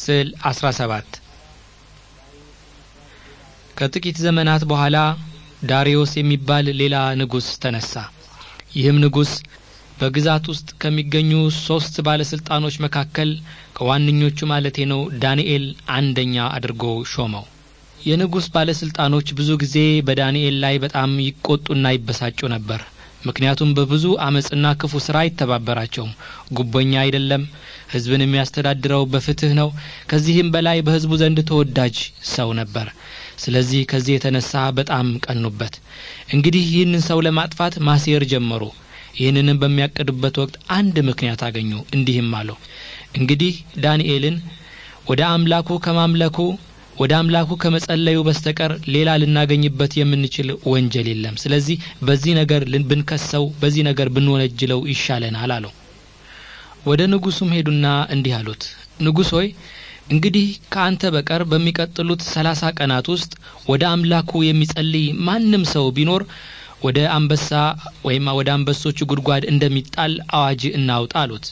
ስዕል 17 ከጥቂት ዘመናት በኋላ ዳሪዮስ የሚባል ሌላ ንጉሥ ተነሳ። ይህም ንጉሥ በግዛት ውስጥ ከሚገኙ ሶስት ባለስልጣኖች መካከል ከዋነኞቹ ማለቴ ነው ዳንኤል አንደኛ አድርጎ ሾመው። የንጉሥ ባለስልጣኖች ብዙ ጊዜ በዳንኤል ላይ በጣም ይቆጡና ይበሳጩ ነበር። ምክንያቱም በብዙ አመጽና ክፉ ስራ አይተባበራቸውም። ጉቦኛ አይደለም። ህዝብን የሚያስተዳድረው በፍትህ ነው። ከዚህም በላይ በህዝቡ ዘንድ ተወዳጅ ሰው ነበር። ስለዚህ ከዚህ የተነሳ በጣም ቀኑበት። እንግዲህ ይህንን ሰው ለማጥፋት ማሴር ጀመሩ። ይህንንም በሚያቅዱበት ወቅት አንድ ምክንያት አገኙ። እንዲህም አለው፣ እንግዲህ ዳንኤልን ወደ አምላኩ ከማምለኩ ወደ አምላኩ ከመጸለዩ በስተቀር ሌላ ልናገኝበት የምንችል ወንጀል የለም። ስለዚህ በዚህ ነገር ብንከሰው፣ በዚህ ነገር ብንወነጅለው ይሻለናል አለው። ወደ ንጉሱም ሄዱና እንዲህ አሉት፣ ንጉሥ ሆይ እንግዲህ ከአንተ በቀር በሚቀጥሉት ሰላሳ ቀናት ውስጥ ወደ አምላኩ የሚጸልይ ማንም ሰው ቢኖር ወደ አንበሳ ወይም ወደ አንበሶቹ ጉድጓድ እንደሚጣል አዋጅ እናውጣ አሉት።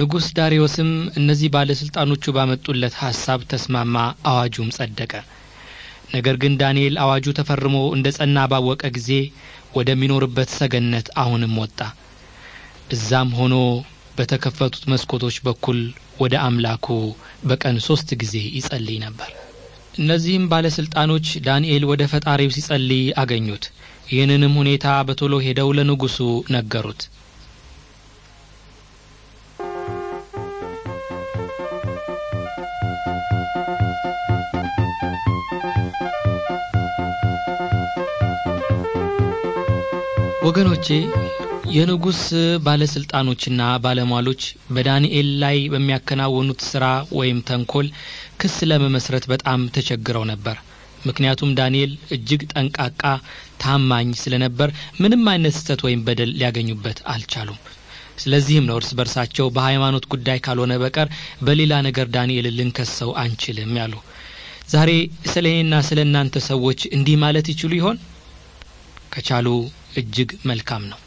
ንጉሥ ዳሪዮስም እነዚህ ባለሥልጣኖቹ ባመጡለት ሐሳብ ተስማማ፣ አዋጁም ጸደቀ። ነገር ግን ዳንኤል አዋጁ ተፈርሞ እንደ ጸና ባወቀ ጊዜ ወደሚኖርበት ሰገነት አሁንም ወጣ። እዛም ሆኖ በተከፈቱት መስኮቶች በኩል ወደ አምላኩ በቀን ሶስት ጊዜ ይጸልይ ነበር። እነዚህም ባለሥልጣኖች ዳንኤል ወደ ፈጣሪው ሲጸልይ አገኙት። ይህንንም ሁኔታ በቶሎ ሄደው ለንጉሡ ነገሩት። ወገኖቼ የንጉሥ ባለሥልጣኖችና ባለሟሎች በዳንኤል ላይ በሚያከናወኑት ሥራ ወይም ተንኮል ክስ ለመመስረት በጣም ተቸግረው ነበር። ምክንያቱም ዳንኤል እጅግ ጠንቃቃ፣ ታማኝ ስለነበር ምንም አይነት ስህተት ወይም በደል ሊያገኙበት አልቻሉም። ስለዚህም ነው እርስ በርሳቸው በሃይማኖት ጉዳይ ካልሆነ በቀር በሌላ ነገር ዳንኤል ልንከሰው አንችልም ያሉ። ዛሬ ስለ እኔና ስለ እናንተ ሰዎች እንዲህ ማለት ይችሉ ይሆን? ከቻሉ እጅግ መልካም ነው።